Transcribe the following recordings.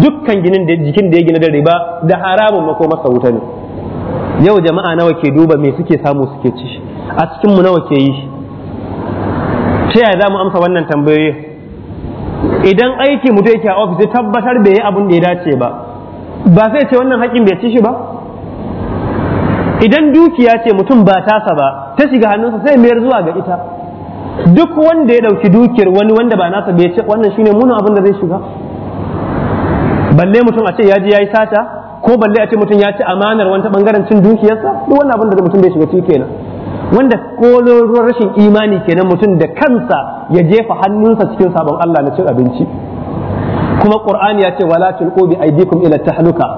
dukkan ginin da jikin da ya gina da riba da haramun mako masa wuta ne yau jama'a nawa ke duba me suke samu suke ci a cikinmu nawa ke yi ta yaya za mu amsa wannan tambayoyi idan aiki mutu yake a ofis tabbatar bai yi abin da ya dace ba ba sai ce wannan haƙƙin bai ci shi ba idan dukiya ce mutum ba tasa ba ta shiga hannunsa sai mayar zuwa ga ita duk wanda ya ɗauki dukiyar wani wanda ba nasa bai ce wannan shine munin abin da zai shiga balle mutum a ce ya je ya yi sata ko balle a ce mutum ya ci amanar wani bangaren cin dukiyarsa duk wannan abin da mutum bai shiga ciki kenan wanda kololuwar rashin imani kenan mutum da kansa ya jefa hannunsa cikin sabon Allah na cin abinci kuma qur'ani ya ce wala tulqu bi aydikum ila tahluka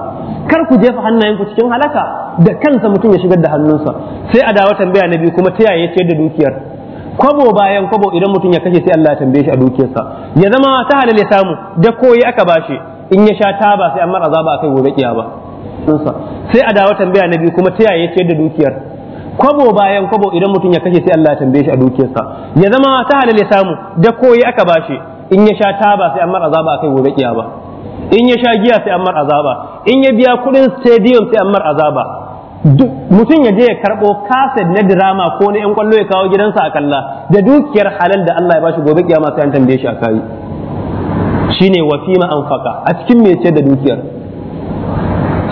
kar ku jefa hannayenku cikin halaka da kansa mutum ya shigar da hannunsa sai a dawo tambaya na biyu kuma ta yaya ce da dukiyar kwabo bayan kwabo idan mutum ya kashe sai Allah ya tambaye shi a dukiyarsa ya zama ta halal ya samu da koyi aka bashi in ya sha taba sai an mara zaba kai gobe kiyama sai a dawo tambaya na biyu kuma ta yaya ce da dukiyar kwabo bayan kwabo idan mutum ya kashe sai Allah ya tambaye shi a dukiyarsa ya zama ta halal ya samu da koyi aka ba shi. in ya sha taba sai an mara zaba kai gobe kiyama in ya sha giya sai an mara azaba in ya biya kudin stadium sai an mara azaba mutum ya je ya karɓo kaset na drama ko na 'yan kwallo ya kawo gidansa a kalla da dukiyar halal da Allah ya bashi gobe kiyama sai an tambaye shi a kayi shine wa fima a cikin mai ce da dukiyar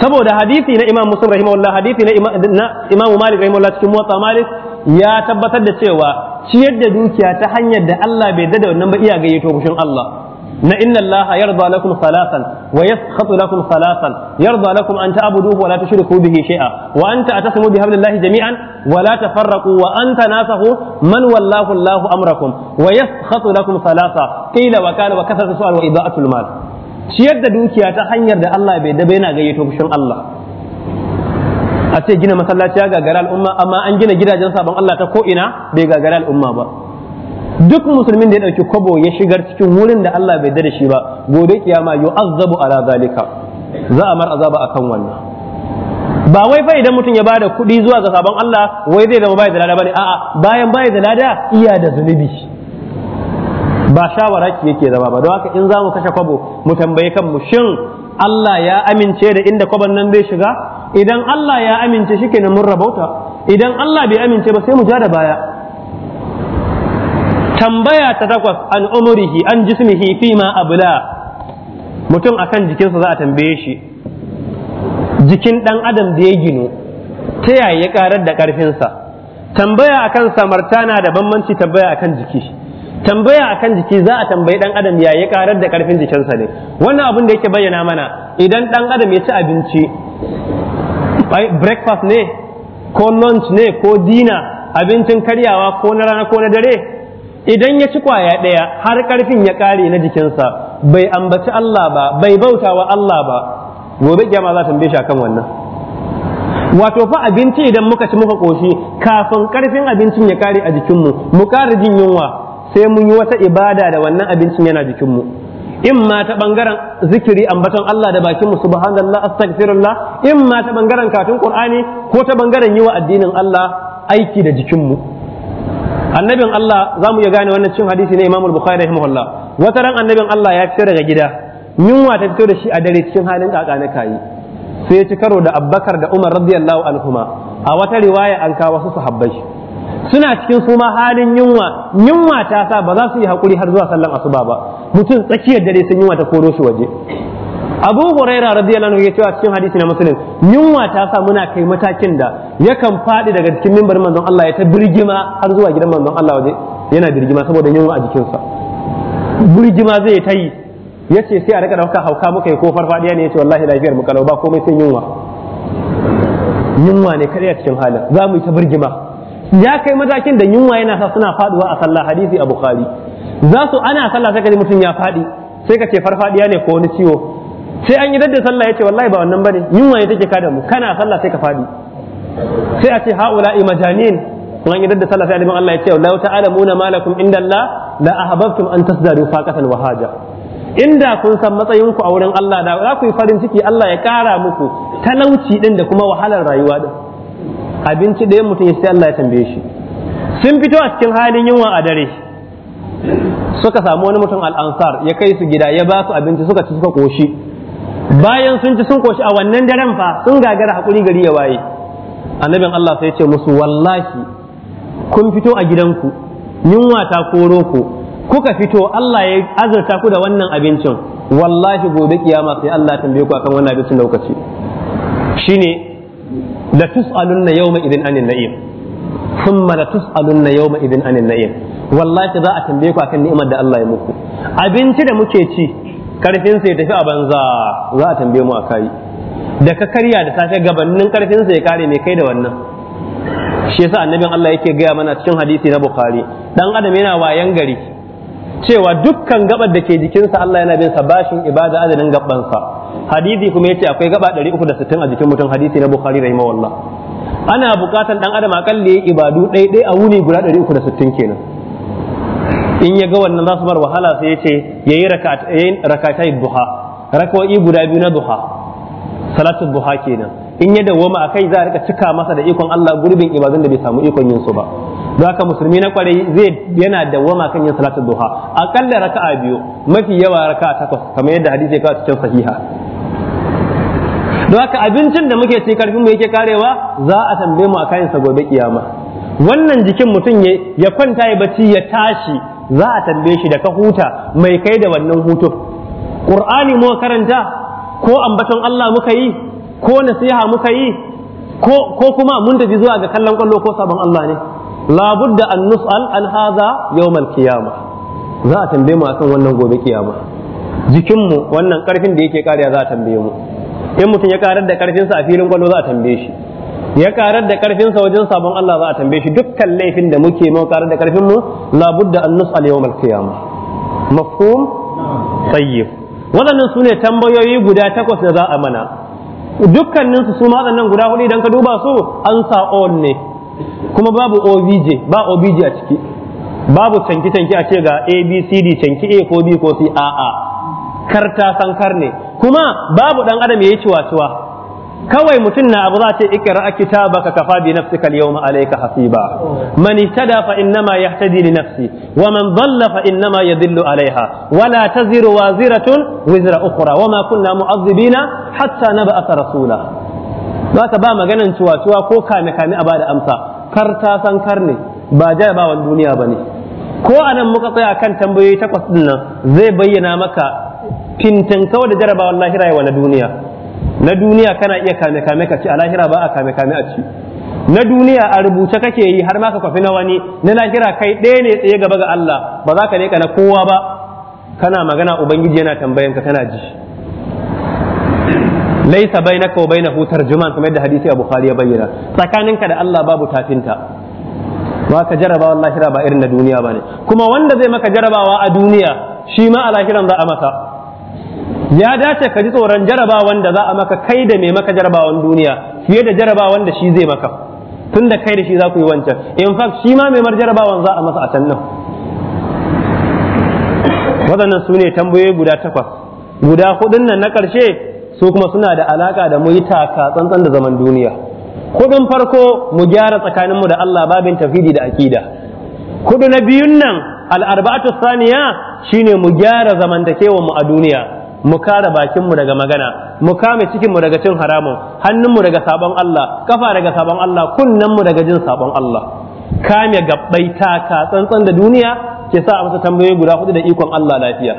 saboda hadisi na imam muslim rahimahullah hadisi na imam malik rahimahullah cikin motsa malik ya tabbatar da cewa ciyar da dukiya ta hanyar da Allah bai dada wannan ba iya gayyato fushin Allah na inna Allah yarda lakum salasan wa yaskhatu lakum salasan yarda lakum an ta'buduhu wa la tushriku bihi shay'a wa anta atasimu bi hablillahi jami'an wa la tafarraqu wa anta nasahu man wallahu Allah amrakum wa yaskhatu lakum salasa qila wa kana wa kasatu su'al wa ida'atul mal ciyar da dukiya ta hanyar da Allah bai dabe yana gayyato kushin Allah a ce gina masallaci ya gagara al'umma amma an gina gidajen sabon Allah ta ko ina bai gagara al'umma ba duk musulmin da ya ɗauki kobo ya shigar cikin wurin da Allah bai da shi ba gobe kiyama azabu ala zalika za a mar azaba akan wannan ba wai fa idan mutum ya bada kuɗi zuwa ga sabon Allah wai zai zama bai da lada bane a'a bayan bai da lada iya da zunubi ba shawara ki yake zama ba don haka in za mu kashe kwabo mu tambaye kanmu shin Allah ya amince da inda kwabon nan bai shiga idan Allah ya amince shi kenan mun rabauta idan Allah bai amince ba sai mu ja da baya tambaya ta takwas an umurihi an jismihi fi ma abula mutum akan jikinsa za a tambaye shi jikin dan adam da ya ginu ta yaya ya karar da karfinsa tambaya akan samarta na da bambanci tambaya akan jiki tambaya akan jiki za a tambayi dan adam ya ya karar da karfin jikinsa ne wannan abin da yake bayyana mana idan ɗan adam ya ci abinci breakfast ne ko lunch ne ko dina abincin karyawa ko na rana ko na dare idan ya ci kwaya ɗaya har ƙarfin ya ƙare na jikinsa bai ambaci Allah ba bai bauta wa Allah ba gobe kyama za ta shi kan wannan wato fa abinci idan muka ci muka ƙoshi kafin ƙarfin abincin ya ƙare a jikinmu mu ƙara jin yunwa sai mun yi wata ibada da wannan abincin yana jikinmu in ma ta bangaren zikiri ambaton Allah da bakin mu subhanallah astaghfirullah in ma ta bangaren katun qur'ani ko ta bangaren yi wa addinin Allah aiki da jikinmu mu annabin Allah za mu iya gane wannan cin hadisi na Imam Bukhari rahimahullah wata ran annabin Allah ya fito daga gida yunwa ta fito da shi a dare cikin halin kaka na kayi sai ya ci karo da abbakar da Umar radiyallahu anhuma a wata riwaya an kawo su sahabbai suna cikin su ma halin yunwa yunwa ta sa ba za su yi hakuri har zuwa sallan asuba ba mutum tsakiyar dare sun yunwa ta koro shi waje abu huraira radiyallahu anhu ya a cikin hadisi na muslim yunwa ta sa muna kai matakin da yakan faɗi daga cikin mimbar manzon Allah ya ta birgima har zuwa gidan manzon Allah waje yana birgima saboda yunwa a jikinsa birgima zai ta yi yace sai a rika dauka hauka muka yi ko farfadiya ne yace wallahi lafiyar mu kalau ba komai sai yunwa yunwa ne kadai a cikin halin za mu yi ta birgima ya kai matakin da yunwa yana sa suna faduwa a sallah hadisi a bukhari za su ana sallah sai ka ji mutum ya fadi sai ka ce farfadiya ne ko wani ciwo sai an yi dadda sallah ya ce wallahi ba wannan bane yunwa ya take kada mu kana sallah sai ka fadi sai a ce haula imajanin an yi dadda sallah sai annabin Allah ya ce la ta'ala muna malakum inda Allah la ahabbtum an tasdaru faqatan wa haja inda kun san matsayinku a wurin Allah da za ku yi farin ciki Allah ya kara muku talauci din da kuma wahalar rayuwa din abinci da mutum ya sai Allah ya tambaye shi sun fito a cikin halin yunwa a dare suka samu wani mutum al'ansar ya kai su gida ya ba su abinci suka ci suka koshi bayan sun ci sun koshi a wannan daren fa sun gagara hakuri gari ya waye annabin Allah sai ce musu wallahi kun fito a gidanku yunwa ta koro ku kuka fito Allah ya azurta ku da wannan abincin wallahi gobe kiyama sai Allah tambaye ku akan wannan abincin da kuka ci shine la tus'alunna yawma idin anin na'im thumma la tus'alunna yawma idin anin na'im wallahi za a tambaye ku akan ni'imar da Allah ya muku abinci da muke ci karfinsa ya tafi a banza za a tambaye mu a kai da ka karya da safe gabanin karfinsa ya kare mai kai da wannan shi yasa annabin Allah yake gaya mana cikin hadisi na Bukhari dan adam yana wayan gari cewa dukkan gabar da ke jikinsa Allah yana bin sa bashin ibada adadin gabansa hadisi kuma yace akwai gaba 360 a jikin mutum hadisi na Bukhari rahimahullah ana bukatan dan adam akalli ibadu dai-dai a wuni guda 360 kenan in ya ga wannan za su bar wahala sai ya ce ya yi rakatai duha rakawai guda biyu na duha salatu duha kenan in ya dawoma a kai za a rika cika masa da ikon Allah gurbin ibadun da bai samu ikon yin su ba don haka musulmi na kwarai zai yana dawoma kan yin salatu duha akalla raka'a biyu mafi yawa raka'a takwas kamar yadda hadisi ya kawo cikin sahiha don haka abincin da muke ci karfin mu yake karewa za a tambaye mu a kayan sa gobe kiyama wannan jikin mutum ya kwanta ya bacci ya tashi za a tambaye shi da ka huta mai kai da wannan hutu ƙur'ani mu karanta ko ambaton Allah muka yi ko nasiha muka yi ko kuma mun tafi zuwa ga kallon kwallo ko sabon Allah ne labudda an nus'al an yau yawmal kiyama. za a tambaye mu akan wannan gobe kiyama jikinmu wannan karfin da yake kariya za a tambaye mu in mutum ya karar da ƙarfinsa a filin ƙwallo za a tambaye shi ya karar da karfinsa wajen sabon Allah za a tambaye shi dukkan laifin da muke mu karar da karfin mu labudda an yawm al qiyamah mafhum tayyib waɗannan sune tambayoyi guda takwas da za a mana dukkanin su su nan guda hudu idan ka duba su an sa on ne kuma babu obj ba obj a ciki babu canki canki a ce ga abcd canki a ko b ko c a a karta sankar ne kuma babu dan adam yayi ciwa ciwa kawai mutum na abu za ta ikira kitabaka kafa bi nafsika al-yawma alayka hasiba man ihtada fa ya yahtadi li nafsi wa man dhalla fa innama yadhillu alayha wa la taziru waziratun wizra ukhra wa ma kunna mu'adhibina hatta nab'atha rasula zaka ba maganan cuwa-cuwa ko kame-kame a bada amsa kar ta san kar ne ba jarabawan duniya ba ne. ko anan muka tsaya kan tambayoyi takwas din nan zai bayyana maka kawai da jarabawan lahira wa na duniya na duniya kana iya kame kame ka ci a lahira ba a kame kame a ci na duniya a rubuce kake yi har ma ka kwafi na wani na lahira kai ɗaya ne tsaye gaba ga Allah ba za ka leƙa na kowa ba kana magana ubangiji yana tambayanka kana ji laisa bainaka wa hutar tarjuman kamar yadda hadisi a bukhari ya bayyana tsakaninka da Allah babu tafinta ba ka wa lahira ba irin na duniya bane kuma wanda zai maka jarabawa a duniya shi ma a lahiran za a maka ya dace ka ji tsoron jarabawan da za a maka kai da mai maka jarabawan duniya fiye da jarabawan da shi zai maka tun da kai da shi za ku yi wancan in fact shi ma mai mar jarabawan za a masa a can nan waɗannan su ne tambayoyi guda takwas guda hudun nan na ƙarshe su kuma suna da alaƙa da mu yi taka tsantsan da zaman duniya kuɗin farko mu gyara tsakaninmu da Allah babin tafidi da aƙida kuɗi na biyun nan al'arba'atu saniya shine mu gyara mu a duniya mu kare bakin mu daga magana mu kame cikin mu daga cin haramun hannun mu daga sabon Allah kafa daga sabon Allah kunnan mu daga jin sabon Allah kame gabbai taka tsantsan da duniya ke sa a masa tambayoyi guda hudu da ikon Allah lafiya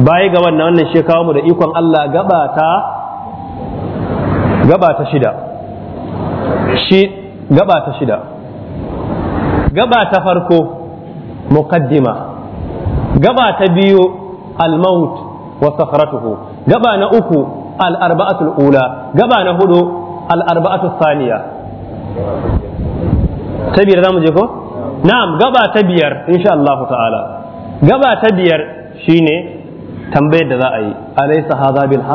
Bayi ga wannan wannan shi kawo mu da ikon Allah gaba ta gaba ta shida shi gaba ta shida gaba ta farko muqaddima gaba ta biyu al-maut wa sakhratuhu gaba na uku al arba'atul gaba na hudu al arba'atus ta biyar zamu je ko na'am gaba ta biyar insha ta'ala gaba ta biyar shine tambayar da a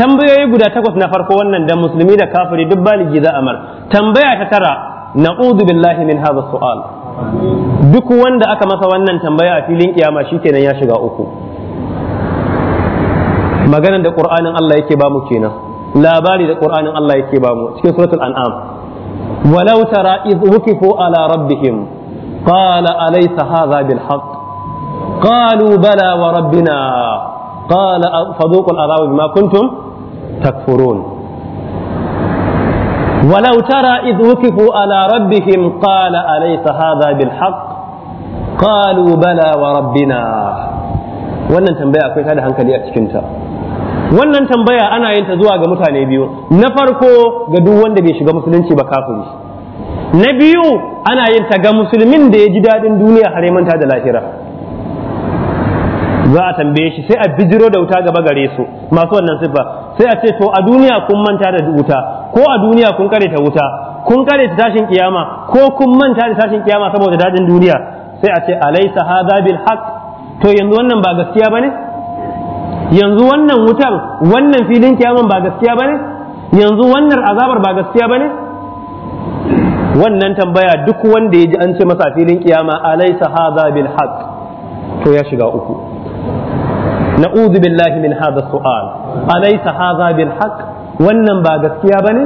tambayoyi guda takwas na farko wannan da musulmi da kafiri duk baligi za a mar tambaya ta tara na'udhu billahi min hadha su'al duk wanda aka masa wannan tambaya a filin kiyama shikenan ya shiga uku Maganar da qur'anin Allah yake ba mu kenan labari da qur'anin Allah yake ba mu cikin suratul an'am walau tara idh wuqifu ala rabbihim kala alaysa hadha bil haqq qalu bala wa rabbina qala fadhuqul azaba bima kuntum takfurun ولو ترى إذ وكفوا على ربهم قال أليس هذا بالحق قالوا بلى وربنا wannan tambaya akwai tada hankali a cikinta wannan tambaya ana yin ta zuwa ga mutane biyu na farko ga duk wanda bai shiga musulunci ba kafiri na biyu ana yin ta ga musulmin da ya ji daɗin duniya har manta da lahira za a tambaye shi sai a bijiro da wuta gaba gare su masu wannan siffa sai a ce to a duniya kun manta da wuta ko a duniya kun kare ta wuta kun kare ta tashin kiyama ko kun manta da tashin kiyama saboda dadin duniya sai a ce alaysa hadha bil haqq to yanzu wannan ba gaskiya bane yanzu wannan wutar wannan filin kiyaman ba gaskiya bane yanzu wannan azabar ba gaskiya bane wannan tambaya duk wanda ya ji an ce masa filin kiyama alaysa hadha bil haqq to ya shiga uku na'udhu billahi min hadha su'al alaysa hadha bil haqq wannan ba gaskiya ba ne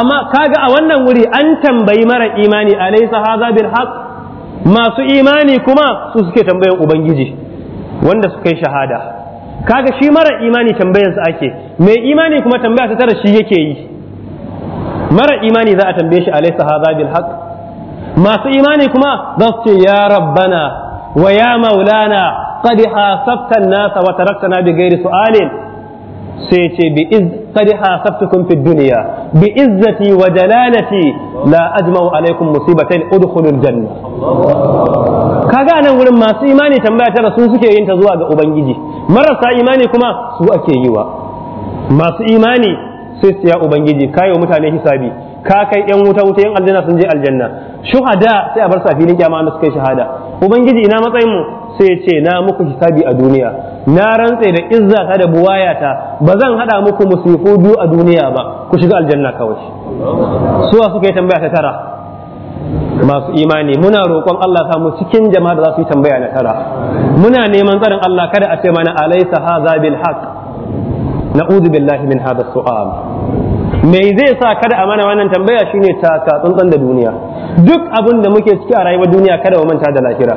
amma kaga a wannan wuri an tambayi mara imani a alaysa haza bil haqq masu imani kuma su suke tambayan ubangiji wanda suka yi shahada kaga shi mara imani tambayansa ake mai imani kuma tambaya ta tara shi yake yi mara imani za a tambaye shi a alaysa haza bil haqq masu imani kuma za su ce ya rabbana wa ya maulana qad hasabta an-nasa wa taraktana bi ghairi su'alin sai ce bi iz qad hasabtukum fid dunya bi izzati wa jalalati la ajma'u ta musibatan udkhulul janna kaga nan wurin masu imani tambaya ta rasu suke yin ta zuwa ga ubangiji marasa imani kuma su ake yi wa masu imani sai su ya ubangiji kai wa mutane hisabi ka kai yan wuta wuta yan aljanna sun je aljanna shuhada sai a bar sa filin kiyama da suka yi shahada ubangiji ina matsayin mu sai ce na muku hisabi a duniya na rantse da izza ta da buwayata ba zan hada muku musifu biyu a duniya ba ku shiga aljanna kawai suwa suka yi tambaya ta tara masu imani muna roƙon Allah samu cikin jama'a da za su yi tambaya na tara muna neman tsarin Allah kada a ce mana alaysa hadha bil haqq na'udhu billahi min hadha su'al mai zai sa kada a mana wannan tambaya shine ka tsantsan da duniya duk abin da muke ciki a rayuwar duniya kada mu manta da lahira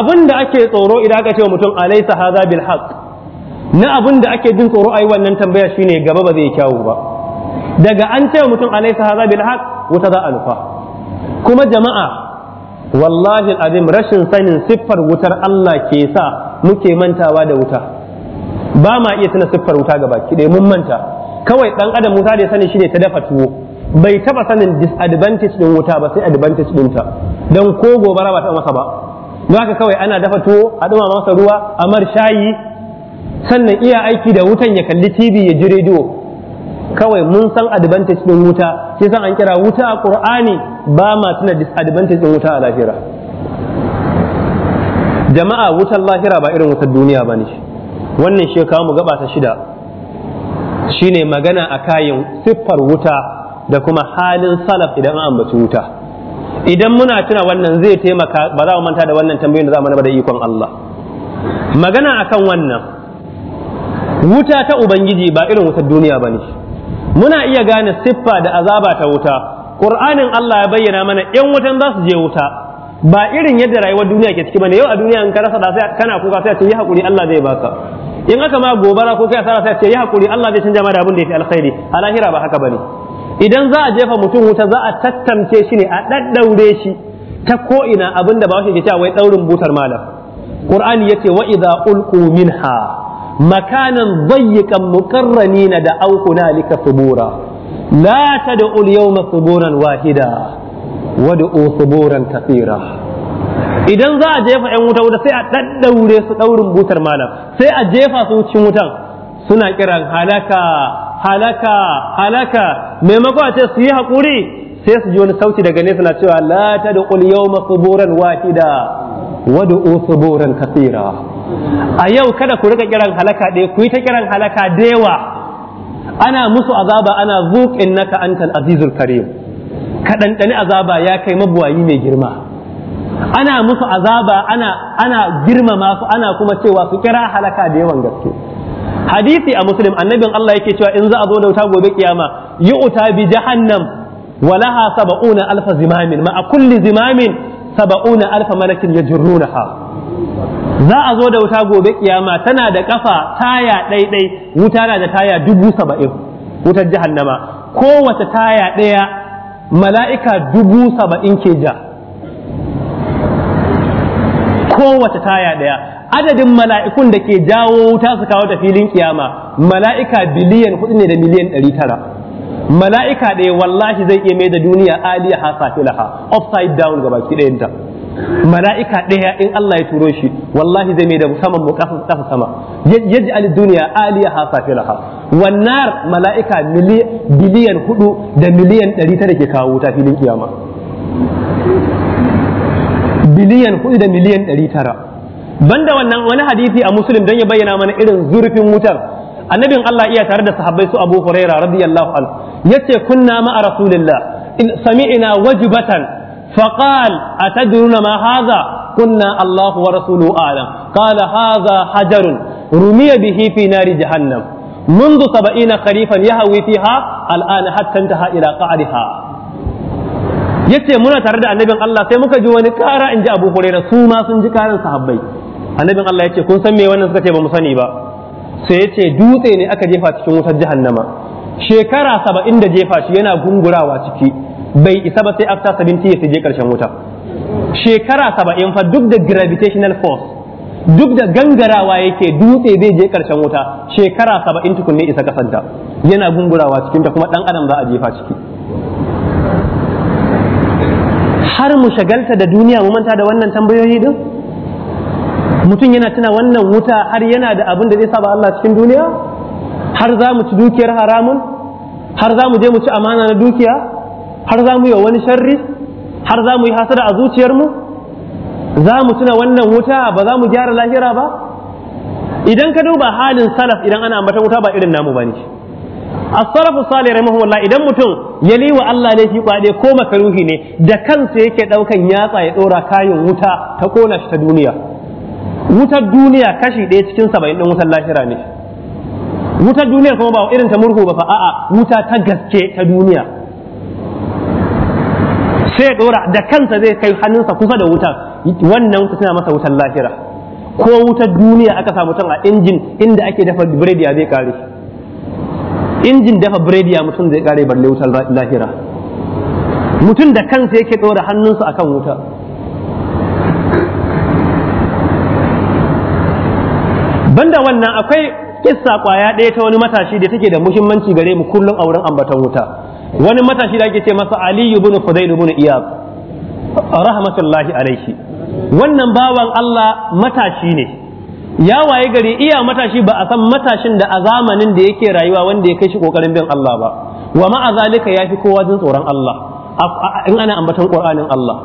abin da ake tsoro idan aka ce wa mutum alaysa hadha bil haqq na abin da ake jin tsoro ai wannan tambaya shine gaba ba zai kyawu ba daga an ce wa mutum alaysa hadha bil haqq wuta za alfa kuma jama'a wallahi azim rashin sanin siffar wutar Allah ke sa muke mantawa da wuta ba ma iya tuna siffar wuta gaba ki mun manta kawai dan adam wuta da ya sani shi ne ta dafa tuwo bai taba sanin disadvantage din wuta ba sai advantage dinta dan ko gobara ba ta masa ba don haka kawai ana dafa tuwo a dumama masa ruwa a mar shayi sannan iya aiki da wutan ya kalli TV ya ji rediyo kawai mun san advantage din wuta sai san an kira wuta a Qur'ani ba ma tuna disadvantage din wuta a lahira jama'a wutan lahira ba irin wutar duniya ba ne wannan shekaru mu gaba ta shida Shi ne magana a kayan siffar wuta da kuma halin salaf idan an ambaci wuta idan muna tuna wannan zai taimaka ba za mu manta da wannan tambayoyin da za mu da ikon Allah magana akan wannan wuta ta ubangiji ba irin wutar duniya bane muna iya gane siffa da azaba ta wuta qur'anin Allah ya bayyana mana yan wutan za su je wuta ba irin yadda rayuwar duniya ke ciki bane yau a duniya in ka rasa da sai kana kuka sai a ce yi hakuri Allah zai baka in aka ma gobara ko kai asara sai ce yi hakuri Allah zai canja ma da abin da yafi alkhairi a lahira ba haka bane idan za a jefa mutum wuta za a tattance shi ne a daddaure shi ta ko ina abin da ba shi ke cewa wai daurin butar malam qur'ani yace wa idza ulqu minha makanan dayyiqan muqarranina da aukuna hunalika subura la tad'u al-yawma suburan wahida wad'u suburan kathira idan za a jefa yan wuta wuta sai a ɗaɗɗaure su ɗaurin butar malam sai a jefa su cikin wutan suna kiran halaka halaka halaka Maimakon a ce su yi hakuri sai su ji wani sauti daga nesa suna cewa la tadqul boran suburan wahida wad'u boran kathira a yau kada ku rika kiran halaka ɗaya ku yi ta kiran halaka da ana musu azaba ana zuƙin naka antal azizul karim ka ɗanɗani azaba ya kai mabuwayi mai girma ana musu azaba ana ana girmama su ana kuma cewa su kira halaka da yawan gaske hadisi a muslim annabin Allah yake cewa in za a zo da wuta gobe kiyama yu'ta bi jahannam walaha sab'una alf zimamin ma kulli zimamin sab'una alf malakin yajrunaha za a zo da wuta gobe kiyama tana da kafa taya ɗaiɗai wuta na da taya dubu saba'in wutar jahannama kowace taya ɗaya mala'ika dubu saba'in ke ja kowace taya daya adadin mala'ikun da ke jawo wuta su kawo ta filin kiyama mala'ika biliyan hudu ne da miliyan ɗari tara mala'ika ɗaya wallahi zai iya mai da duniya aliya ha safilaha upside down ga baki ɗayanta mala'ika ɗaya in Allah ya turo shi wallahi zai mai da saman mu kasa sama yaji al duniya aliya ha safilaha wannan mala'ika biliyan hudu da miliyan ɗari tara ke kawo wuta filin kiyama biliyan hudu da miliyan ɗari tara banda wannan wani hadisi a musulun don ya bayyana mana irin zurfin wutar annabin Allah iya tare da sahabbai su Abu Huraira radiyallahu anhu ce kunna ma'a rasulillah in sami'na wajibatan faqal atadruna ma haza, kunna Allah wa rasuluhu a'lam qala haza hajarun rumiya bihi fi nari jahannam منذ سبعين خريفا يهوي فيها الآن حتى انتهى إلى قعرها yace muna tare da annabin Allah sai muka ji wani kara in ji Abu Hurairah su ma sun ji karin sahabbai annabin Allah yace kun san me wannan suka ce ba mu sani ba sai yace dutse ne aka jefa cikin wutar jahannama shekara saba'in da jefa shi yana gungurawa ciki bai isa ba sai after 70 ya je karshen wuta shekara saba'in fa duk da gravitational force duk da gangarawa yake dutse zai je karshen wuta shekara saba'in tukunne isa kasanta yana gungurawa cikinta kuma dan adam za a jefa ciki har mu shagalta da duniya mu manta da wannan tambayoyi din mutum yana tuna wannan wuta har yana da abin da zai saba Allah cikin duniya har za mu ci dukiyar haramun har za mu je mu ci amana na dukiya har za mu yi wani sharri har za mu yi hasada a zuciyarmu za mu tuna wannan wuta ba za mu gyara lahira ba idan ka duba halin salaf idan ana ambatan wuta ba irin namu ba ne as-salafu salih rahimahullah idan mutum ya liwa Allah ne shi kwade ko makaruhi ne da kansa yake daukan yatsa ya dora kayan wuta ta kona shi ta duniya wutar duniya kashi ɗaya cikin saba'in ɗin wutar lahira ne wutar duniya kuma ba irin ta murhu ba fa a'a wuta ta gaske ta duniya sai dora da kansa zai kai hannunsa kusa da wuta wannan wuta tana masa wutar lahira ko wutar duniya aka samu tun a injin inda ake dafa biredi ya zai kare injin dafa biredi ya mutum zai kare balle wutar lahira mutum da kansa yake ɗora hannunsa akan wuta banda wannan akwai kissa kwaya ɗaya ta wani matashi da take da muhimmanci gare mu kullum a wurin ambaton wuta wani matashi da ake ce masa aliyu bin fudayl bin iyab rahmatullahi alaihi wannan bawan Allah matashi ne ya waye gari iya matashi ba a san matashin da a zamanin da yake rayuwa wanda ya kai shi kokarin bin Allah ba wa ma'a ya fi kowa jin tsoron Allah in ana ambaton Qur'anin Allah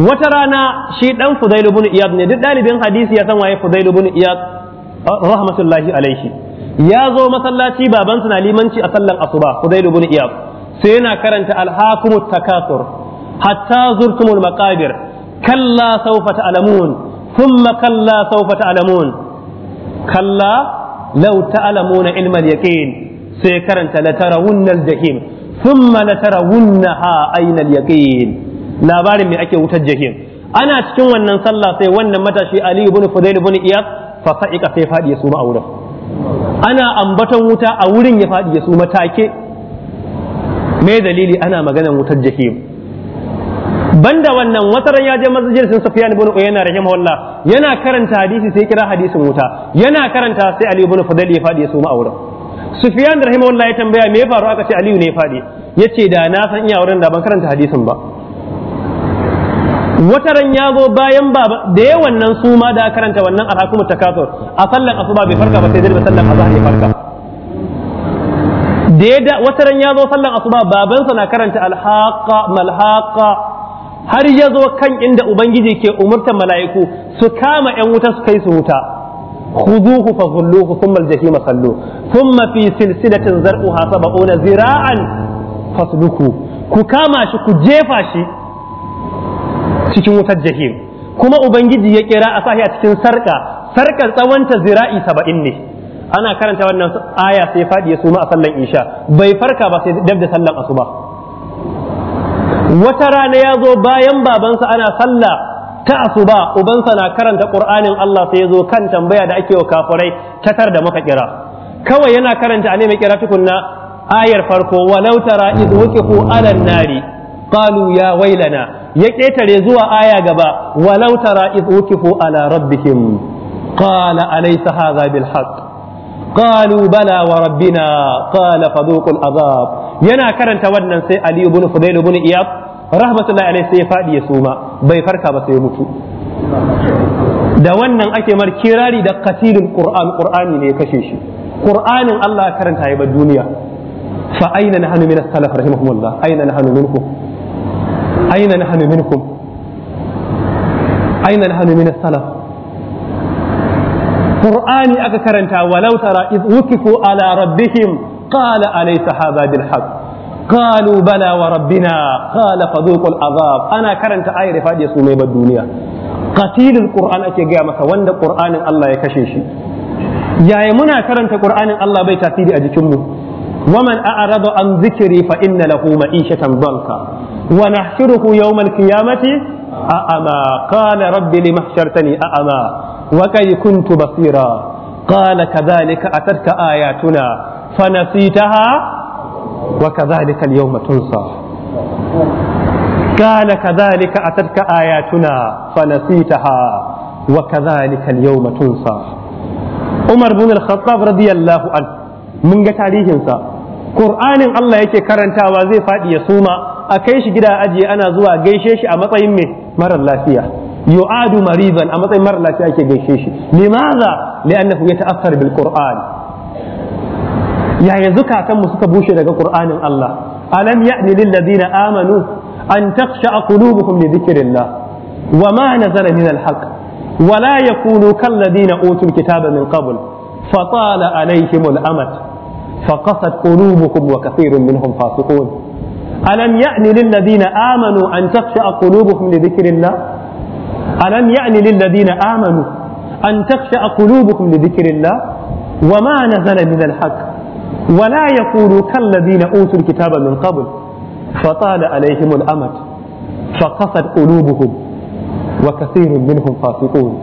wata rana shi dan Fudail ibn Iyad ne duk dalibin hadisi ya san waye Fudail ibn Iyad rahmatullahi alaihi ya zo masallaci baban na limanci a sallan asuba Fudail ibn Iyad sai yana karanta al-hakumut takathur hatta zurtumul maqabir kalla sawfa ta'lamun Summa kalla sawfa ta'lamun kalla law ta'lamuna ilma al-yaqin sai karanta la tarawunna summa jahim wunna la tarawunnaha ayna al-yaqin labarin me ake wutar jahim ana cikin wannan sallah sai wannan matashi Aliyu ibn Fudail ibn Iyad fa sa'ika sai fadi ya suma a wurin ana ambaton wuta a wurin ya fadi ya suma take me dalili ana maganar wutar jahim banda wannan wata ran ya je masjid sun safiya ibn Uyayna rahimahullah yana karanta hadisi sai kira hadisin wuta yana karanta sai Ali ibn Fadl ya fadi ya soma auren Sufyan rahimahullah ya tambaya me ya faru aka ce Aliyu ne ya fadi yace da na san iya auren da ban karanta hadisin ba wata ran ya zo bayan baba da yawan nan su ma da karanta wannan alhakumu takasur a sallan asuba bai farka ba sai dai sallan azhar ya farka da wata ran ya zo sallan asuba babansa na karanta alhaqa malhaqa har ya zo kan inda ubangiji ke umurtar mala'iku su kama yan wuta su kai su wuta khuduhu fa ghulluhu thumma al-jahima sallu thumma fi silsilatin zar'uha sab'una zira'an fasluku ku kama shi ku jefa shi cikin wutar jahim kuma ubangiji ya kira a sahi a cikin sarka sarkar tsawonta zira'i saba'in ne ana karanta wannan aya sai faɗi ya suma a sallan isha bai farka ba sai dab da sallan asuba wata rana ya zo bayan babansa ana sallah ta asuba ubansa na karanta ƙur'anin Allah sai ya zo kan tambaya da ake wa kafirai tatar da muka kira kawai yana karanta ne mai kira tukunna ayar farko walau tara id wuqifu alan nari qalu ya wailana ya ƙetare zuwa aya gaba walau tara id wuqifu ala rabbihim qala alaysa hadha bil haqq qalu bala wa rabbina qala fadhuqul azab yana karanta wannan sai ali ibn fudail ibn iyab rahmatullahi alaihi sai ya faɗi ya suma bai farka ba sai mutu da wannan ake mar kirari da qatilul qur'an qur'ani ne ya kashe shi qur'anin Allah karanta ya bar duniya fa aina nahnu min as-salaf rahimahumullah aina nahnu minkum aina nahnu minkum aina nahnu min as-salaf qur'ani aka karanta walau tara id wukifu ala rabbihim qala alaysa hadha bil haqq qalu bala wa rabbina qala fadhuqul azab ana karanta ayar da fadi su mai duniya qatilul qur'an ake gaya masa wanda ƙur'anin Allah ya kashe shi yaya muna karanta ƙur'anin Allah bai tasiri a jikin mu waman a'rada an zikiri fa inna lahu ma'ishatan dhanka wa nahshuruhu yawmal qiyamati a'ama qala rabbi lima hashartani a'ama وكي كنت بصيرا قال كذلك أتتك آياتنا فنسيتها وكذلك اليوم تنسى قال كذلك أتتك آياتنا فنسيتها وكذلك اليوم تنسى عمر بن الخطاب رضي الله عنه من تاريخنسا انسى قرآن الله يكي zai faɗi ya suma a kai shi gida ajiye ana zuwa gaishe shi a matsayin يعاد مريضا اما زي طيب مر لا لماذا لانه يتاثر بالقران يا يعني يزكى كم مسك بوشي قران الله الم يأن للذين امنوا ان تخشع قلوبهم لذكر الله وما نزل من الحق ولا يكونوا كالذين اوتوا الكتاب من قبل فطال عليهم الامد فقست قلوبكم وكثير منهم فاسقون الم يأن للذين امنوا ان تخشع قلوبهم لذكر الله ألم يعني للذين آمنوا أن تخشع قلوبكم لذكر الله وما نزل من الحق ولا يكونوا كالذين أوتوا الكتاب من قبل فطال عليهم الأمد فقست قلوبهم وكثير منهم فاسقون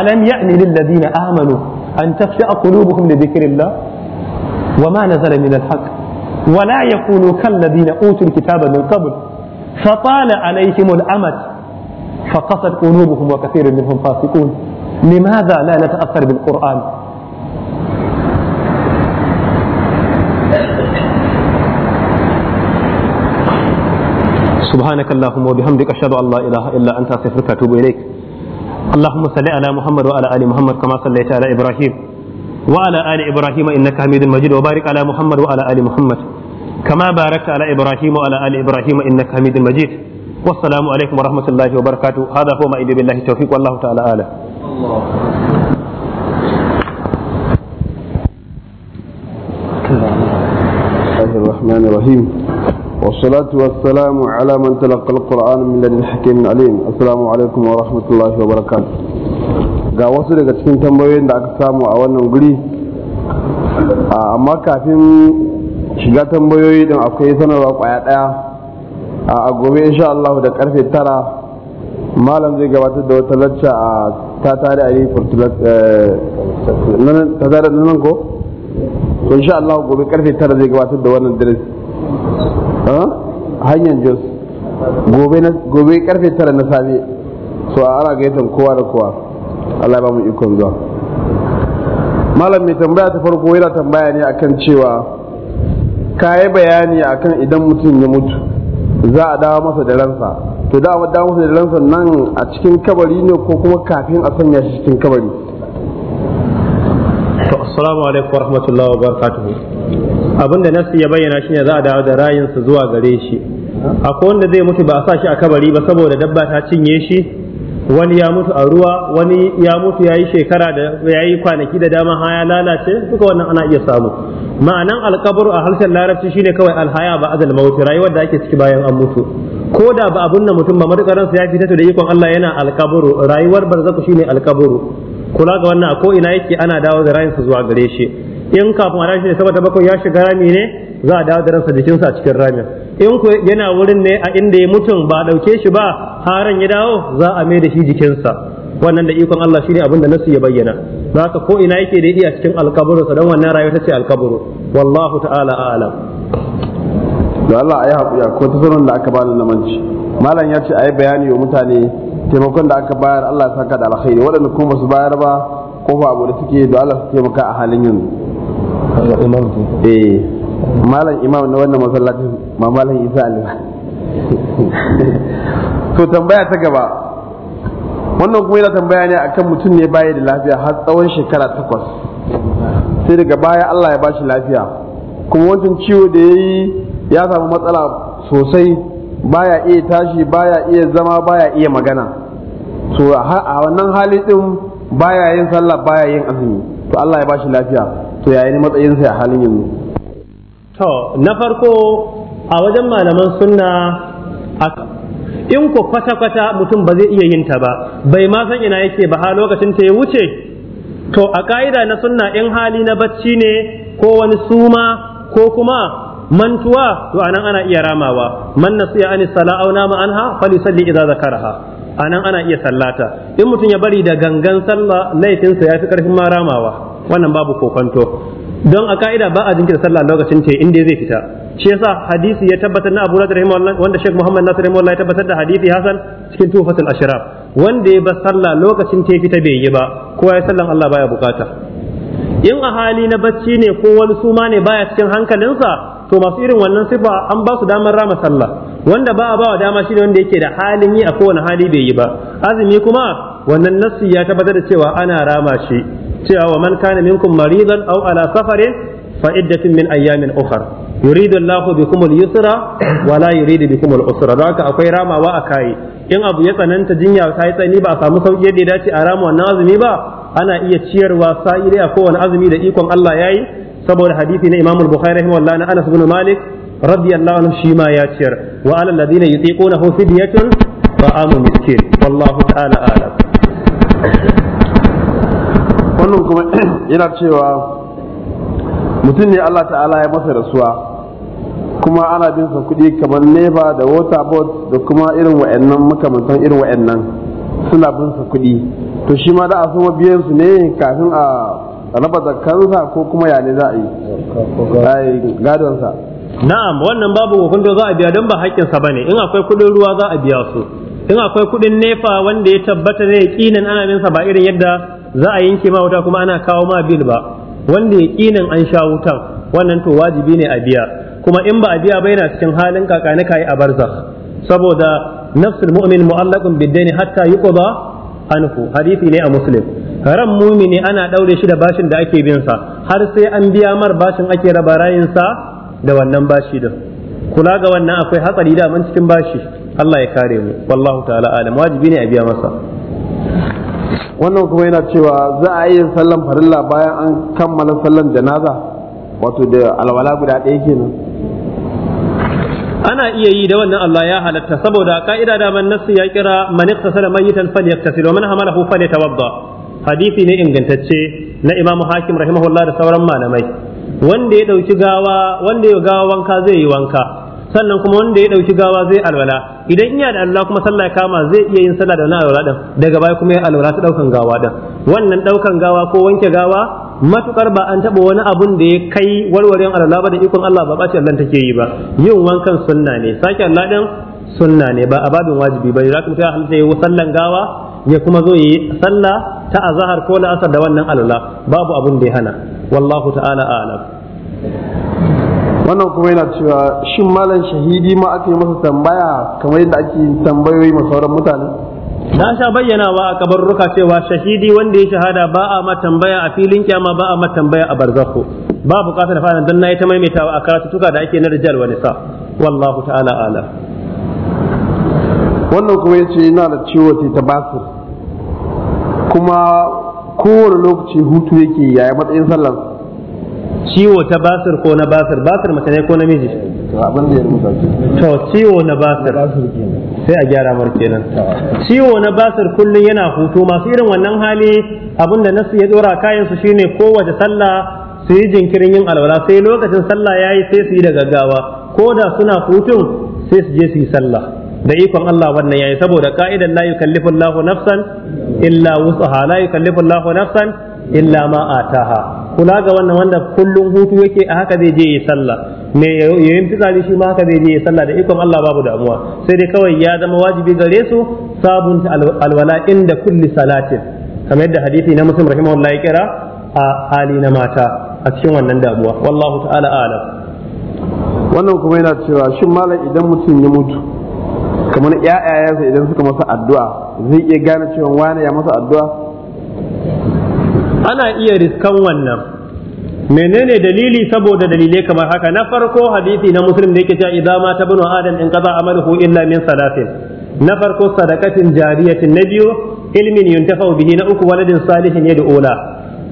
ألم يعني للذين آمنوا أن تخشع قلوبهم لذكر الله وما نزل من الحق ولا يكونوا كالذين أوتوا الكتاب من قبل فطال عليهم الأمد فقست قلوبهم وكثير منهم فاسقون لماذا لا نتأثر بالقرآن سبحانك اللهم وبحمدك أشهد أن لا إله إلا أنت أستغفرك وأتوب إليك اللهم صل على محمد وعلى آل محمد كما صليت على إبراهيم وعلى آل إبراهيم إنك حميد مجيد وبارك على محمد وعلى آل محمد كما باركت على إبراهيم وعلى آل إبراهيم إنك حميد مجيد والسلام عليكم ورحمة الله وبركاته هذا هو ما إلي بالله التوفيق والله تعالى أعلم الرحمن الرحيم والصلاة والسلام على من تلقى القرآن من لدن الحكيم العليم السلام عليكم ورحمة الله وبركاته ga wasu daga cikin tambayoyin da aka samu a wannan guri amma kafin shiga tambayoyi din akwai sanarwa kwaya daya a gobe insha Allah da karfe tara malam zai gabatar da wata lacca a ta tare a eh, ta tare nan ko to insha Allah gobe karfe tara zai gabatar da wannan dress hanyar jos gobe karfe tara na safe so a ana gaitan kowa da kowa Allah ba mu ikon zuwa malam mai tambaya ta farko yana tambaya ne akan cewa ka yi bayani akan idan mutum ya mutu za a dawo masa da ransa to da a dawo masa da ransa nan a cikin kabari ne ko kuma kafin a sanya shi cikin kabari to assalamu alaikum warahmatullahi wabarakatuh abinda nasu ya bayyana shine za a dawo da rayinsa zuwa gare shi akwai wanda zai mutu ba a sa shi a kabari ba saboda dabba ta cinye shi wani ya mutu a ruwa wani ya mutu ya yi shekara da ya yi kwanaki da dama ha ya lalace duka wannan ana iya samu ma'anan alkabur a harshen larabci shine kawai alhaya ba azal mauti rayuwar da ake ciki bayan an mutu ko da ba abun nan mutum ba matukaran sa ya fita da ikon Allah yana alkaburu rayuwar barzaku shine alkaburu kula ga wannan ko ina yake ana dawo da rayinsa zuwa gare shi in kafin a rashi ne saboda bakwai ya shiga rami ne za a dawo da ransa jikinsa a cikin ramin in ku yana wurin ne a inda ya mutum ba a ɗauke shi ba haran ya dawo za a mai da shi jikinsa wannan da ikon Allah shine abin da nasu ya bayyana za ka ko ina yake da a cikin alkaburu sa dan wannan rayuwa ta ce alkaburu wallahu ta'ala a'lam da Allah ayi haƙuri ko ta sunan da aka bani namanci malam ya ce ayi bayani wa mutane taimakon da aka bayar Allah ya saka da alkhairi waɗanda kuma su bayar ba kofa abu da suke da Allah su taimaka a halin yanzu eh malam imam na wannan masallacin ma malam Isa Alima to tambaya ta gaba wannan kuma yana tambaya ne akan mutum ne baya da lafiya har tsawon shekara takwas sai daga baya Allah ya ba shi lafiya kuma wancan ciwo da ya yi ya samu matsala sosai baya iya tashi baya iya zama baya iya magana to a wannan hali din baya yin sallah baya yin azumi to Allah ya ba shi lafiya to matsayin sa a halin yanzu to na farko a wajen malaman sunna in ko kwata-kwata mutum ba zai iya yin ta ba bai ma san ina yake ba har lokacin ta ya wuce to a ka'ida na sunna in hali na bacci ne ko wani suma ko kuma mantuwa to anan ana iya ramawa man nasiya an sala aw nama anha salli idza zakaraha anan ana iya sallata in mutum ya bari da gangan sallah laifinsa ya fi karfin ma ramawa wannan babu kokonto don a ka'ida ba a jinkirta sallah lokacin ce inda zai fita shi yasa hadisi ya tabbatar na Abu Dawud rahimahullah wanda Sheikh Muhammad Nasir rahimahullah ya tabbatar da hadisi Hasan cikin Tuhfatul Ashraf wanda ya ba sallah lokacin ta fita bai yi ba kowa ya sallan Allah baya bukata in a hali na bacci ne ko wani suma ne baya cikin hankalinsa to masu irin wannan sifa an ba su damar rama sallah wanda ba a ba wa dama ne wanda yake da halin yi a kowane hali bai yi ba azumi kuma wannan nassi ya tabbatar da cewa ana rama shi cewa wa man kana minkum maridan aw ala safarin fa iddatin min ayyamin ukhra yuridu Allahu bikum al-yusra wa la yuridu bikum al-usra don haka akwai ramawa a kai in abu ya tsananta jinya ta yi tsani ba a samu sauki yadda ya dace a rama wannan azumi ba ana iya ciyarwa sa'i a kowane azumi da ikon Allah yayi saboda hadisi na Imam Bukhari rahimahullah na Anas bin Malik radiyallahu anhu shi ma ya ciyar wa alal ladina yutiquna fidyatun ta'amu miskin wallahu ta'ala a'lam wannan kuma yana cewa mutum ne Allah ta'ala ya masa rasuwa kuma ana bin sa kuɗi kamar nefa da water board da kuma irin wa'annan makamantan irin wa'annan suna bin sa kuɗi to shi ma da a soma biyan su ne kafin a raba zakkansa ko kuma ya ne za a yi gadonsa na'am wannan babu hukunta za a biya don ba hakkin haƙƙinsa bane in akwai kuɗin ruwa za a biya su in akwai kuɗin nefa wanda ya tabbata ne yaƙinan ana sa ba irin yadda za a yanke ma wuta kuma ana kawo ma bil ba wanda ya yaƙinan an sha wutan wannan to wajibi ne a biya kuma in ba a biya ba yana cikin halin kakani kai a barzakh saboda nafsul mu'min mu'allaqun bid-dayn hatta yuqda anhu hadisi ne a muslim ran mumini ana daure shi da bashin da ake bin sa har sai an biya mar bashin ake raba sa da wannan bashi din kula ga wannan akwai hatsari da man cikin bashi Allah ya kare mu wallahu ta'ala alam wajibi ne a biya masa wannan kuma yana cewa za a yi sallan farilla bayan an kammala sallan janaza wato da alwala guda ɗaya kenan ana iya yi da wannan Allah ya halatta saboda ka'ida da man nasu ya kira man iktasala mayitan yaktasil wa man hamalahu yatawadda hadisi ne ingantacce na imamu Hakim rahimahullah da sauran malamai wanda ya dauki gawa wanda ya gawa wanka zai yi wanka sannan kuma wanda ya dauki gawa zai alwala idan iya da Allah kuma sallah ya kama zai iya yin sallah da wannan alwala din daga baya kuma ya alwala ta daukan gawa din wannan daukan gawa ko wanke gawa matukar ba an taba wani abun da ya kai warwarin alwala ba da ikon Allah ba bace Allah take yi ba yin wankan sunna ne sake Allah din sunna ne ba abadin wajibi ba za ka mutum ya yi sallan gawa ya kuma zo yi sallah ta azahar ko la'asar da wannan alala babu abun da ya hana wallahu ta'ala a'lam wannan kuma yana cewa shin malam shahidi ma aka yi masa tambaya kamar yadda ake tambayoyi ma sauran mutane na sha bayyanawa a kabarruka cewa shahidi wanda ya shahada ba a ma tambaya a filin kyama ba a ma tambaya a barzakho ba bukatar fara dan nayi ta maimaitawa a tuka da ake na rijal wa nisa wallahu ta'ala alam wannan kuma yace yana da ciwo ta basir kuma kowane lokaci hutu yake yaya matsayin sallan ciwo ta basir ko na basir basir mace ne ko namiji to ciwo na basir sai a gyara mar kenan ciwo na basir kullum yana hutu masu irin wannan hali abinda nasu ya dora kayan su shine kowace sallah su yi jinkirin yin alwala sai lokacin sallah yayi sai su yi da gaggawa ko da suna hutun sai su je su yi sallah da ikon Allah wannan yayi saboda ka'idan la yukallifu Allah nafsan illa wusaha la yukallifu Allah nafsan illa ma ataha kula ga wannan wanda kullun hutu yake a haka zai je yi sallah me yayin fitsari shi ma haka zai je yi sallah da ikon Allah babu damuwa sai dai kawai ya zama wajibi gare su sabunta alwala inda kulli salatin kamar yadda hadisi na muslim rahimahullahi kira a hali na mata a cikin wannan damuwa wallahu ta'ala alam wannan kuma yana cewa shin malam idan mutum ya mutu kamar ƴaƴayensa idan suka masa addu'a zai iya gane cewa wani ya masa addu'a ana iya riskan wannan menene dalili saboda dalilai kamar haka na farko hadisi na muslim da yake cewa idan ma bano adam in qada amaluhu illa min salatin na farko sadaqatin jariyatin na biyu ilmin yuntafau bihi na uku waladin salihin yad'u ola.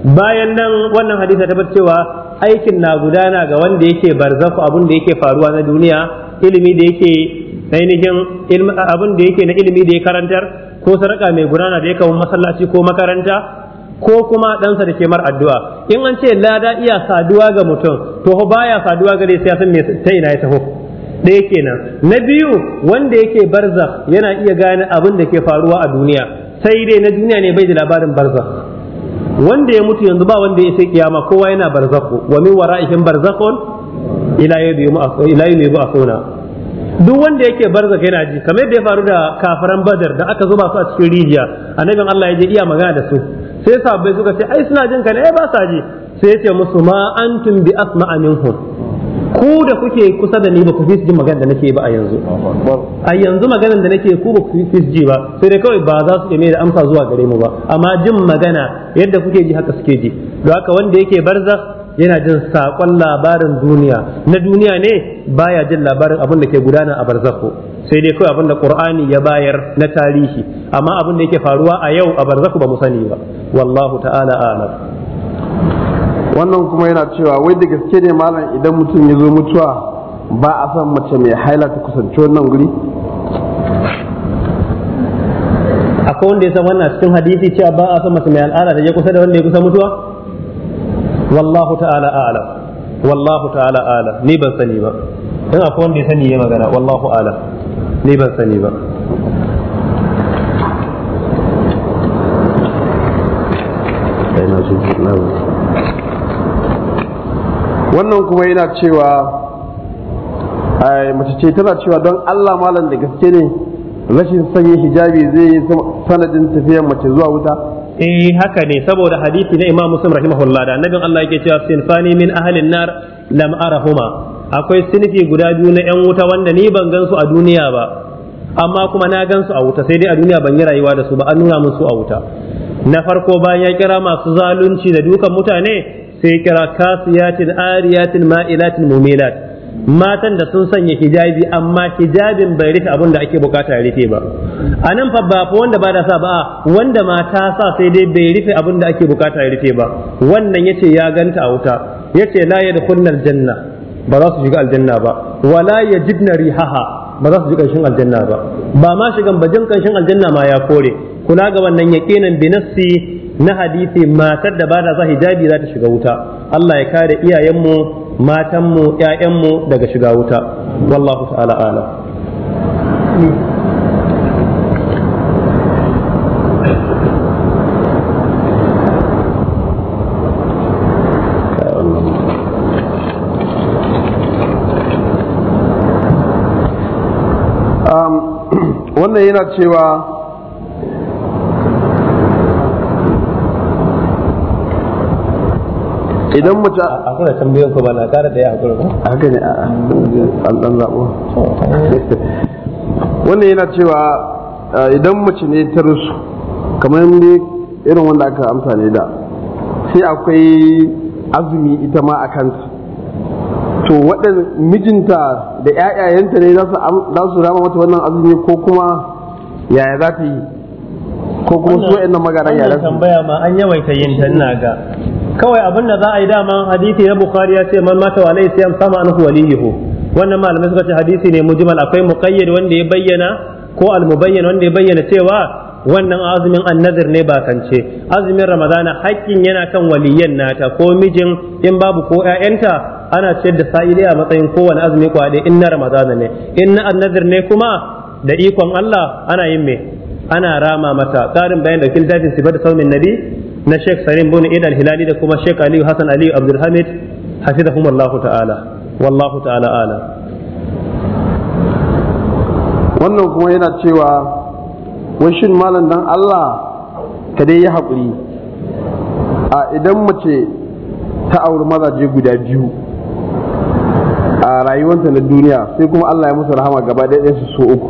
bayan nan wannan hadisi ta cewa aikin na gudana ga wanda yake barzaku abun da yake faruwa na duniya ilimi da yake ainihin abin da yake na ilimi da ya karantar ko sarƙa mai gudana da ya kawo masallaci ko makaranta ko kuma ɗansa da ke mar addu'a in an ce lada iya saduwa ga mutum to baya saduwa gare sai san mai ta ina ya taho ɗaya kenan na biyu wanda yake barza yana iya gane abin da ke faruwa a duniya sai dai na duniya ne bai da labarin barza wanda ya mutu yanzu ba wanda ya sai kiyama kowa yana barzakhu wa min wara'ihim barzakhun ila a yub'athuna duk wanda yake barzaka yana ji kamar yadda ya faru da kafaran badar da aka zuba su a cikin rijiya annabin Allah ya je iya magana da su sai sahabbai suka ce ai suna jin ka ne eh, ba sa ji sai ya ce musu ma antum bi asma'a minhum ku da kuke kusa da ni ba ku fi ji magana da nake ba a yanzu a yanzu magana da nake ku ba ku fi ji ba sai dai kawai ba za su mai da amsa zuwa gare mu ba amma jin magana yadda kuke ji haka suke ji don haka wanda yake barza yana jin sakon labarin duniya na duniya ne baya jin labarin abin da ke gudana a barzakho sai dai kawai abin da qur'ani ya bayar na tarihi amma abin da yake faruwa a yau a barzakho ba mu sani ba wallahu ta'ala a'lam wannan kuma yana cewa wai da gaske ne malam idan mutum ya zo mutuwa ba a san mace mai haila ta kusanci wannan guri akwai wanda ya san wannan cikin hadisi cewa ba a san mace mai al'ada ta je kusa da wanda ya kusa mutuwa wallahu ta'ala a'lam wallahu ta'ala a'lam ni ban sani ba in akwai wanda ya sani ya magana wallahu a'lam ni ban sani ba wannan kuma yana cewa mace ce tana cewa don Allah malam da gaske ne rashin sanya hijabi zai yi sanadin tafiyar mace zuwa wuta eh haka ne saboda hadisi na Imam Muslim rahimahullah da annabin Allah yake cewa sinfani min ahlin nar lam arahuma akwai sinfi guda biyu na yan wuta wanda ni ban gansu a duniya ba amma kuma na gansu a wuta sai dai a duniya ban yi rayuwa da su ba an nuna su a wuta na farko bayan ya kira masu zalunci da dukan mutane sai kira kasiyatin ariyatin ma'ilatin mumilat matan da sun sanya hijabi amma hijabin bai rufe abin da ake bukata ya rufe ba a nan fa ba wanda ba da sa ba wanda mata sa sai dai bai rufe abin da ake bukata ya rufe ba wannan yace ya ganta a wuta yace la yadkhulnal janna ba za su shiga aljanna ba wala yajidna rihaha ba za su shiga shin aljanna ba ba ma shigan bajin kanshin aljanna ma ya kore kula ga wannan yaqinan bi nafsi na hadisi matar da ba da sa hijabi za ta shiga wuta Allah ya kare iyayenmu matanmu ‘ya'yanmu daga shiga wuta wallahu ta'ala um, wannan yana cewa idan mutum akwai tambayoyin ko ba na kara ya akwai ba haka ne a an dan zabo wannan yana cewa idan mace ne ta rusu kamar ne irin wanda aka amsa ne da sai akwai azumi ita ma a kanta to waɗanda mijinta da 'ya'yayenta ne za su rama mata wannan azumi ko kuma yaya za ta yi ko kuma su waɗannan magaran yaran su tambaya ma an yawaita yin ta ina ga kawai abin da za a yi dama hadisi na bukhari ya ce man mata wa alaihi siyam sama anhu waliyihu wannan malamai suka ce hadisi ne mujmal akwai muqayyad wanda ya bayyana ko al mubayyan wanda ya bayyana cewa wannan azumin annazir ne bakance azumin ramadana haƙƙin yana kan waliyan nata ko mijin in babu ko ƴaƴanta ana ciyar da sa'ili a matsayin kowane azumi kwa in na ramadana ne in na annazir ne kuma da ikon Allah ana yin me ana rama mata ƙarin bayan da kin dajin sifar da saumin nabi na Sheikh Sarim, bin Idal Hilali da kuma Sheikh Aliyu Hassan Aliyu Abdul Hamid hafizahumullahu ta'ala wallahu ta'ala ala wannan kuma yana cewa wai shin malam dan Allah ka dai yi haƙuri a idan mace ta auri mazaje guda biyu a rayuwanta na duniya sai kuma Allah ya musu rahama gaba ɗaya su so uku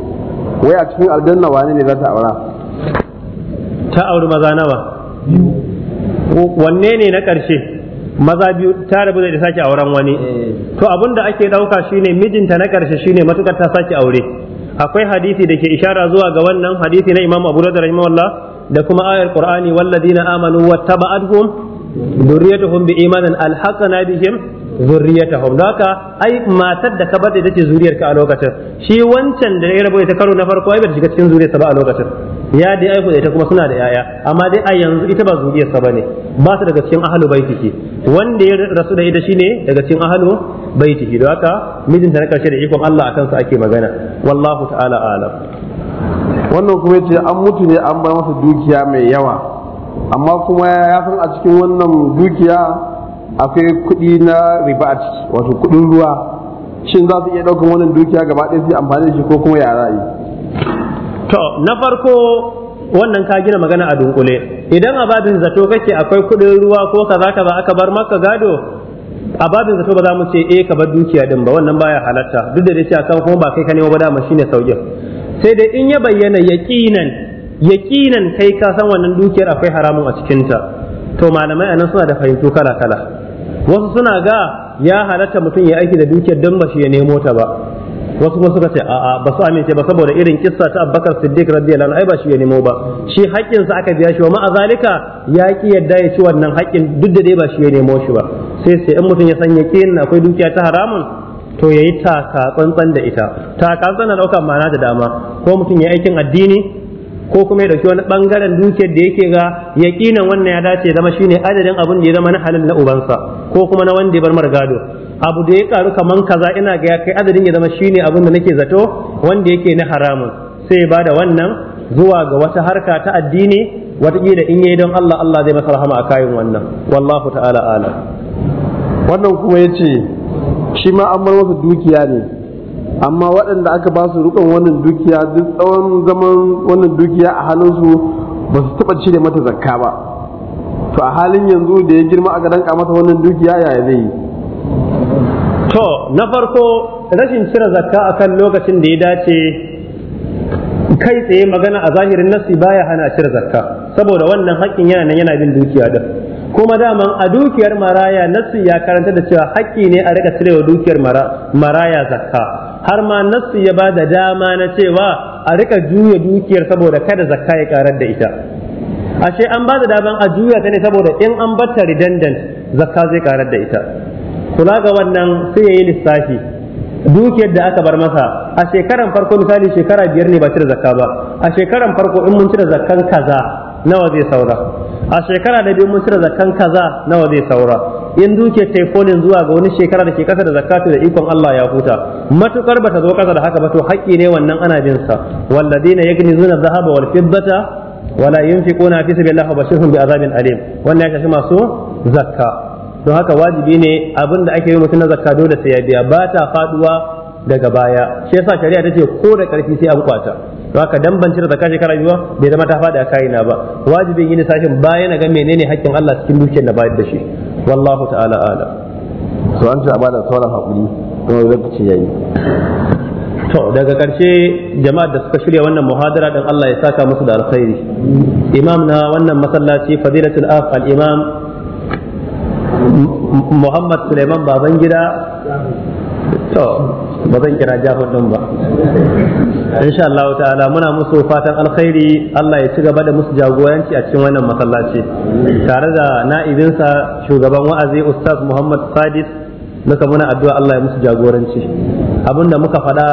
wai a cikin aljanna wane ne za ta aura ta auri maza nawa wanne ne na ƙarshe maza biyu ta rabu da sake auren wani eh. to abin da ake ɗauka shine mijinta na ƙarshe shine matukar ta sake aure akwai hadisi da ke ishara zuwa ga wannan hadisi na imam abu da rahimahullah da kuma ayar qur'ani walladina amanu wattaba'atuhum durriyatuhum imanin alhaqna bihim zurriyatahum don haka ai matar da ka bada ita ce zuriyar ka a lokacin shi wancan da ya rabu ita karo na farko ai ba shiga cikin zuriyarsa ba a lokacin ya dai aiko ita kuma suna da yaya amma dai a yanzu ita ba zuriyarsa ne ba su daga cikin ahlu baitihi wanda ya rasu da ita shine daga cikin ahlu baitihi don haka mijinta na karshe da ikon Allah akan sa ake magana wallahu ta'ala alam wannan kuma yace an mutu ne an bar masa dukiya mai yawa amma kuma ya san a cikin wannan dukiya akwai kuɗi na ribat wato kuɗin ruwa shin za su iya ɗaukar wannan dukiya gaba ɗaya su amfani da shi ko kuma ya ra'ayi to na farko wannan ka gina magana a dunkule idan a babin zato kake akwai kuɗin ruwa ko kaza kaza aka bar maka gado a babin zato ba za mu ce eh ka bar dukiya din ba wannan baya halatta duk da dai a kan kuma ba kai ka nemo ba dama shine saukin sai dai in ya bayyana yaqinan yaqinan kai ka san wannan dukiyar akwai haramun a cikinta to malamai anan suna da fahimtu kala kala wasu suna ga ya halatta mutum ya aiki da dukiyar don bashi ya nemo ta ba wasu kuma suka ce a'a ba su amince ba saboda irin kissa ta Abubakar Siddiq radiyallahu anhu ai ba shi ya nemo ba shi haƙƙin sa aka biya shi wa ma'azalika ya ki yadda ya ci wannan haƙƙin duk da dai ba shi ya nemo shi ba sai sai in mutum ya san kin akwai dukiya ta haramun to yayi taka tsantsan da ita taka tsantsan na ɗaukar ma'ana da dama ko mutum ya yi aikin addini ko kuma ya dauki wani bangaren dukiyar da yake ga yaƙinan wannan ya dace zama shine adadin abin da ya zama na halal na ubansa ko kuma na wanda ya bar gado, abu da ya karu kaman kaza ina ga ya kai adadin ya zama shine abin da nake zato wanda yake na haramun sai ba da wannan zuwa ga wata harka ta addini watakila in yayi don Allah Allah zai masa rahama a kayan wannan wallahu ta'ala ala wannan kuma yace shi ma an bar masa dukiya ne amma waɗanda aka ba su rukun wannan dukiya duk tsawon zaman wannan dukiya a halinsu ba su taɓa cire mata zakka ba to a halin yanzu da ya girma aka danka mata wannan dukiya yaya zai yi to na farko rashin cire zakka a kan lokacin da ya dace kai tsaye magana a zahirin nasi baya hana cire zakka saboda wannan haƙƙin yana nan yana bin dukiya da kuma daman a dukiyar maraya nassi ya karanta da cewa haƙƙi ne a rika cirewa dukiyar maraya zakka har ma nassi ya ba da dama na cewa a rika juya dukiyar saboda kada zakka ya karar da ita ashe an ba da daman a juya ta ne saboda in an batta redundant zakka zai karar da ita kula ga wannan sai ya yi lissafi dukiyar da aka bar masa a shekaran farko misali shekara biyar ne ba cire zakka ba a shekaran farko in mun cire zakkan kaza nawa zai saura a shekara da biyu mun cire zakan kaza nawa zai saura in duke taifolin zuwa ga wani shekara da ke kasa da zakatu da ikon Allah ya huta matukar bata zo kasa da haka ba to haƙƙi ne wannan ana bin sa walladina yaknizuna dhahaba wal fiddata wala yunfiquna fi sabilillahi bashirhum bi azabin alim wannan ya shafi masu zakka don haka wajibi ne abin da ake yi mutum na zakka dole sai ya biya ba ta faduwa daga baya shi yasa shari'a ta ce ko da karfi sai an kwata to haka dan ban da zakka shekara biyu bai zama ta fada kaina ba wajibin yin sashin baya na ga menene hakkin Allah cikin dukiyar da bayar da shi wallahu ta'ala ala to an ci abada sauran hakuri to lokaci yayi to daga karshe jama'ar da suka shirya wannan muhadara dan Allah ya saka musu da alkhairi imam na wannan masallaci fadilatul af al imam Muhammad Suleiman Babangida to ba zan kira jahun din ba insha Allah ta'ala muna musu fatan alkhairi Allah ya ci gaba da musu jagoranci a cikin wannan masallaci tare da na'ibinsa shugaban wa'azi ustaz Muhammad Sadis muka muna addu'a Allah ya musu jagoranci abinda muka faɗa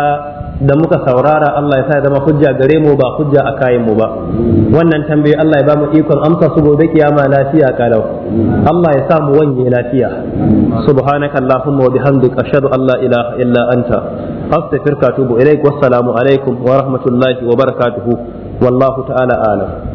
da muka saurara Allah ya sa zama hujja gare mu ba hujja a kayan mu ba wannan tambayi Allah ya ba mu ikon amsa su gobe kiyama lafiya kalau Allah ya sa mu wanye lafiya subhanaka allahumma wa bihamdika ashhadu an la ilaha illa anta astaghfiruka wa atubu ilaik wassalamu alaikum wa rahmatullahi wa barakatuhu wallahu ta'ala a'lam